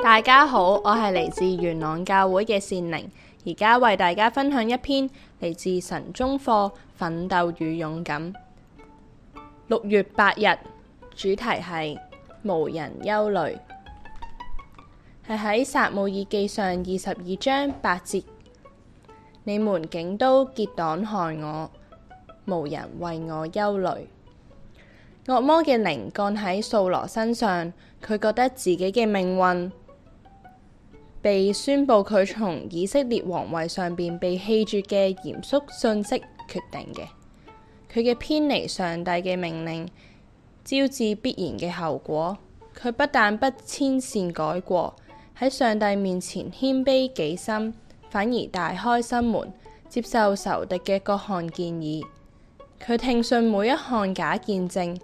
大家好，我係嚟自元朗教會嘅善寧，而家為大家分享一篇嚟自神中課《奮鬥與勇敢》。六月八日，主題係無人憂慮，係喺撒母耳記上二十二章八節。你們竟都結黨害我，無人為我憂慮。惡魔嘅靈降喺掃羅身上，佢覺得自己嘅命運被宣布佢從以色列皇位上邊被棄絕嘅嚴肅信息決定嘅。佢嘅偏離上帝嘅命令，招致必然嘅後果。佢不但不遷善改過，喺上帝面前謙卑己心。反而大開心門，接受仇敵嘅各項建議。佢聽信每一項假見證，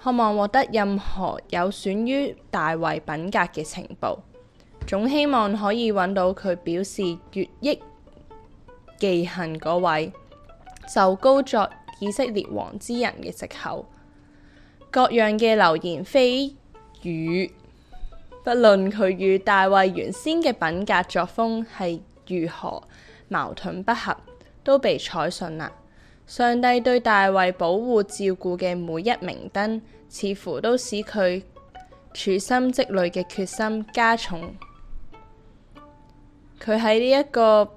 渴望獲得任何有損於大衛品格嘅情報。總希望可以揾到佢表示越益記恨嗰位受膏作以色列王之人嘅藉口。各樣嘅流言蜚語，不論佢與大衛原先嘅品格作風係。如何矛盾不合都被採信啦！上帝對大衛保護照顧嘅每一明燈，似乎都使佢處心積慮嘅決心加重。佢喺呢一個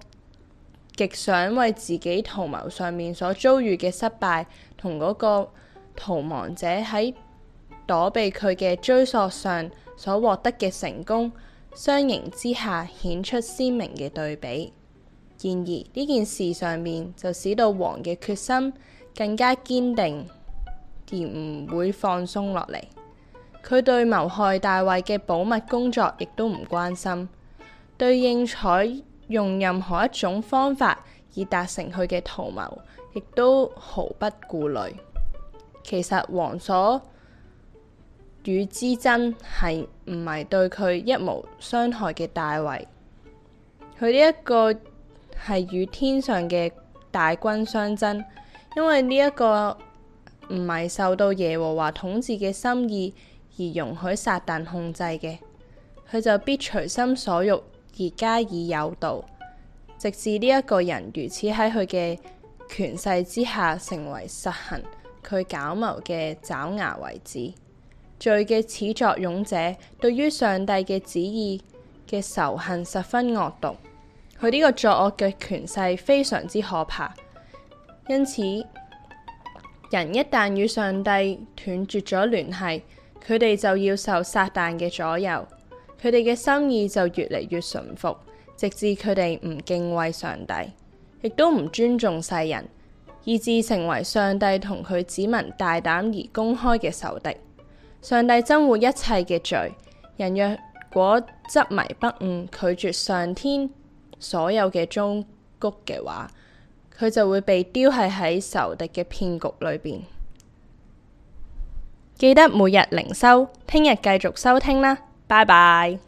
極想為自己圖謀上面所遭遇嘅失敗，同嗰個逃亡者喺躲避佢嘅追索上所獲得嘅成功。相形之下，顯出鮮明嘅對比。然而呢件事上面就使到王嘅決心更加堅定，而唔會放鬆落嚟。佢對謀害大衛嘅保密工作亦都唔關心，對應採用任何一種方法以達成佢嘅圖謀，亦都毫不顧慮。其實王所與之爭係唔係對佢一無傷害嘅大衛？佢呢一個係與天上嘅大軍相爭，因為呢一個唔係受到耶和華統治嘅心意而容許撒旦控制嘅，佢就必隨心所欲而加以誘導，直至呢一個人如此喺佢嘅權勢之下成為實行佢狡謀嘅爪牙為止。罪嘅始作俑者對於上帝嘅旨意嘅仇恨十分惡毒。佢呢個作惡嘅權勢非常之可怕。因此，人一旦與上帝斷絕咗聯繫，佢哋就要受撒旦嘅左右，佢哋嘅心意就越嚟越馴服，直至佢哋唔敬畏上帝，亦都唔尊重世人，以至成為上帝同佢子民大膽而公開嘅仇敵。上帝憎惡一切嘅罪，人若果執迷不悟，拒絕上天所有嘅忠告嘅話，佢就會被丟棄喺仇敵嘅騙局裏邊。記得每日靈修，聽日繼續收聽啦，拜拜。